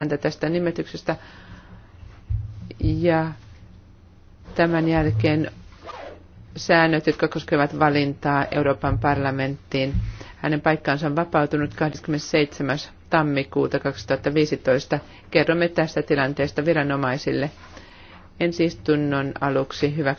häntä tästä nimetyksestä. Ja tämän jälkeen säännöt, jotka koskevat valintaa Euroopan parlamenttiin. Hänen paikkaansa on vapautunut 27. tammikuuta 2015. Kerromme tästä tilanteesta viranomaisille. Ensi istunnon aluksi hyväksytään.